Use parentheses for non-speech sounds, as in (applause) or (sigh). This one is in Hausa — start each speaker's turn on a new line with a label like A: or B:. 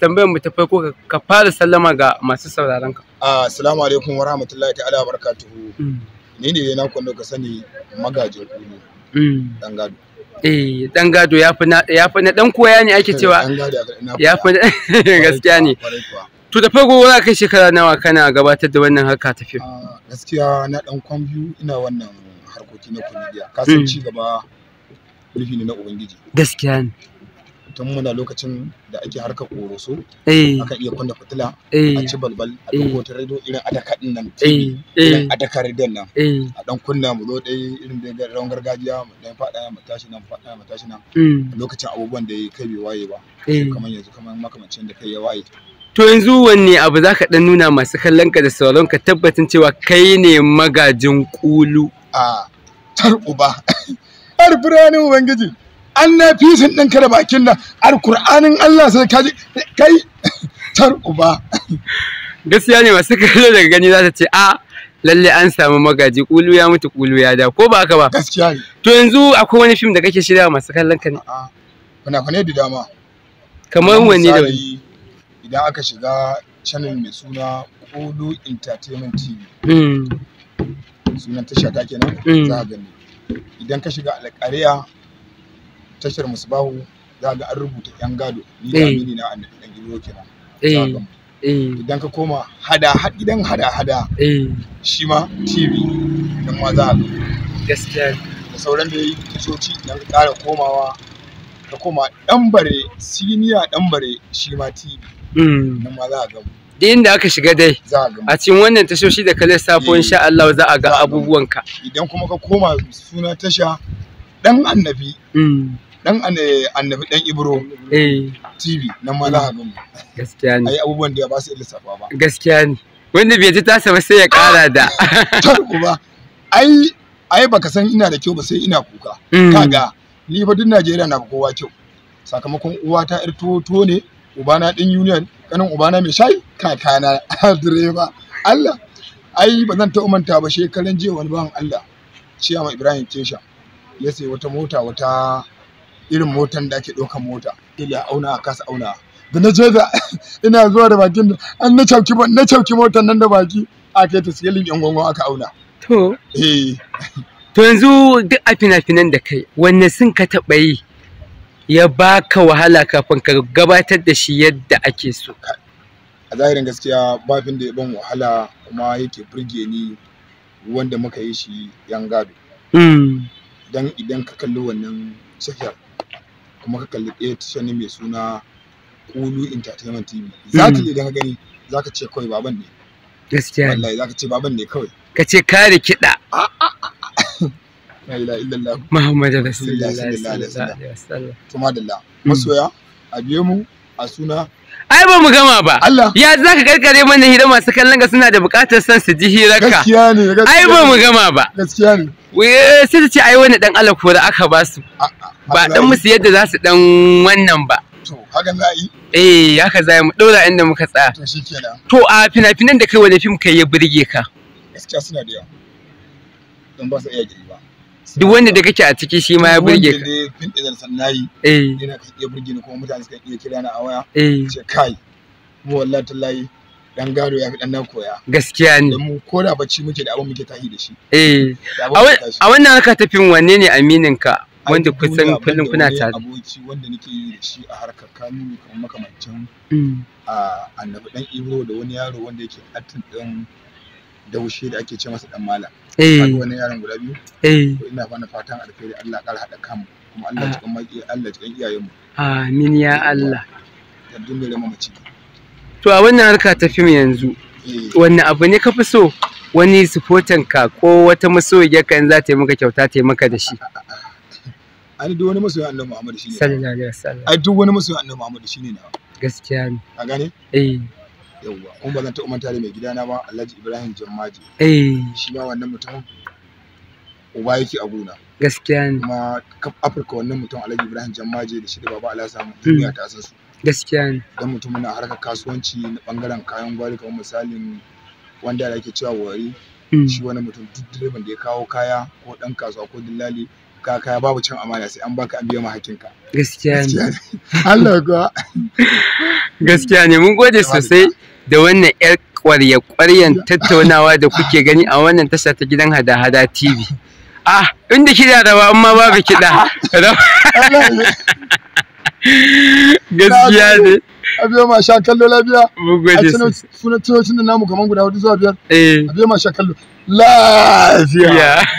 A: tambayar mu ta farko ka fara sallama ga masu sauraron ka
B: ah, assalamu alaikum wa ta'ala barakatuhu mm. ni ne na kwando ka sani magaje ku ne mm. dan gado
A: eh dan gado ya fi na yafi na dan koya ne ake cewa yafi (laughs) gaskiya ne to da farko za ka shekara nawa kana gabatar da wannan harka ta fim ah,
B: gaskiya na dan kwan biyu ina wannan harkoki na kuliya ka san mm. ci gaba rufi ne na ubangiji gaskiya ne tun muna lokacin da ake harkar koroso eh. aka iya kunna fitila eh. a ci balbal a eh. ɗauko ta radio irin adaka ɗin nan irin adaka radio nan a ɗan kunna mu zo ɗai irin da rawan gargajiya mu ɗan faɗa mu tashi nan faɗa mu tashi nan hmm. lokacin abubuwan da ya kai bai waye ba kamar yanzu kamar makamancin da kai ya waye
A: To yanzu wanne abu za ka ɗan nuna masu kallon ka da sauran ka tabbatin cewa kai ne magajin kulu.
B: A tar uba, har (laughs) birane Ubangiji. an na fi sun ɗinka da bakin nan alkur'anin Allah sai kaji kai (laughs) tarku ba gaskiya ne masu kallo daga gani za ta ce a
A: ah, lalle an samu magaji kulu ya mutu kulu ya da ko ba haka ba gaskiya ne to yanzu akwai wani fim da kake shirya masu kallon ka ne a'a
B: fina-finai da dama
A: kamar wani da wani
B: idan aka shiga channel mai suna Kulu Entertainment TV hmm. sunan tasha ta kenan hmm. za a gani idan ka shiga alƙariya tashar musbahu za ga an rubuta yan gado ni da eh. amini na annabi dan gido kenan eh. eh. idan ka koma hada idan hada hada shi ma tv nan ma za a gaskiya da sauran da yi tashoci idan ka kara komawa ka koma dan bare siniya dan bare shi ma tv
A: hmm. nan ma za a ga duk inda aka shiga dai a cikin wannan tashoshi da ka lissafo insha Allah za a ga abubuwanka
B: idan kuma ka koma suna tasha dan annabi hmm. dan annabi dan ibro eh. tv nan ma za gaskiya ne ai abubuwan da ya ba su lissafa ba gaskiya ne wanda bai ji tasa ba sai ya kara da (laughs) ba ai ai baka san ina da kyau ba sai ina kuka mm. kaga ni fa duk Najeriya na kowa kyau sakamakon uwata yar tuwo ne Uba na din union kanin na mai shayi Kaka na (laughs) direba Allah ai ba zan taɓa manta ba shekaran jiya wani bawan Allah ciyama Ibrahim Kesha ya sayi wata mota wata irin motan da ake ɗaukan mota ila auna a kasa auna da na je da (laughs) ina zuwa da bakin an na cauki na cauki motan nan da baki a kai ta sigalin yan gongon aka auna to
A: eh to yanzu duk a fina-finan da kai wanne sun ka taɓa yi ya baka wahala kafin ka gabatar da shi yadda ake so
B: a zahirin gaskiya bafin da ya ban wahala kuma yake burge ni wanda muka yi shi yan gado hmm. Don idan ka kalli wannan shafiyar kuma ka kalli ɗaya eh, tushen mai suna kulu entertainment tv za ka je ka gani za ka ce kawai baban ne gaskiya wallahi za ka ce baban ne kawai ka ce kare kiɗa ah, ah, ah, (laughs) la illallah muhammadu rasulullah sallallahu alaihi wasallam kuma dalla masoya a biyo mu a suna
A: ai ba mu gama ba Allah ya za ka karkare mana hira
B: masu kallon ga suna
A: da bukatar son su ji hirar ka. gaskiya ne gaskiya ai ba mu gama ba gaskiya ne sai ta ce ai wani dan Allah ko aka ba su ba dan musu yadda za su dan wannan ba
B: to haka za yi
A: eh haka za mu daura inda muka tsaya to shikenan to a fina-finan da kai wani fim kai ya burge ka
B: gaskiya suna da yawa don ba su iya gari ba
A: duk wanda da kake a ciki shi ma ya burge ka
B: wanda fin idan san nayi eh yana ka iya burge ni kuma mutane suka iya kira na a waya eh ce kai mu wallahi tallahi dan gado ya fi dan nan koya
A: gaskiya ne mu
B: ko da bacci muke da abin muke tahi da shi
A: eh a wannan harka ta fin wanne ne aminin ka wanda kusan kullum kuna tare
B: aboki wanda nake yi da shi a harkar ne kuma makamancin mm. a annabi dan ibro da wani yaro wanda yake atin din daushe da ake ce masa dan mala eh wani yaron guda biyu eh ina bana fatan alkhairi Allah kar hada kan kuma Allah ah. cikin maki Allah cikin mu
A: amin ya Allah
B: da dungare mu ciki
A: to a wannan harka ta fim yanzu eh. wani abu ne ka fi so wani supportan ka ko wata masoyiyar kan za ta yi maka kyauta ta yi maka da shi (laughs)
B: ai duk wani masoyin annabi Muhammad shine sallallahu alaihi wasallam ai duk wani masoyin annabi Muhammad shine na gaskiya ne a gane eh yawwa kuma ba zan taɓa manta da mai gidana ba Alhaji Ibrahim Jammaji eh shi ma wannan mutum? uba yake a gona gaskiya ne kuma kaf Afirka wannan mutum Alhaji Ibrahim Jammaji da shi da Baba samu hmm. duniya ta san su gaskiya ne dan mutum na harkar kasuwanci na bangaren kayan gwari kamar misalin wanda ake cewa wari hmm. shi wani mutum duk direban da ya kawo kaya ko dan kasuwa ko dillali kaya babu cin amana sai an baka an biya ma hakinka gaskiya ne Allah ga
A: gaskiya ne mun gode sosai da wannan yar kwarya kwaryan tattaunawa da kuke gani a wannan tasha ta gidan hada-hada TV ah inda kiɗa rawa amma babu kiɗa (laughs)
B: gaskiya ne a ma sha kallo lafiya Mun gode sosai. a tuno tuno namu kaman guda hudu zuwa biyar eh. a biyo ma sha kallo lafiya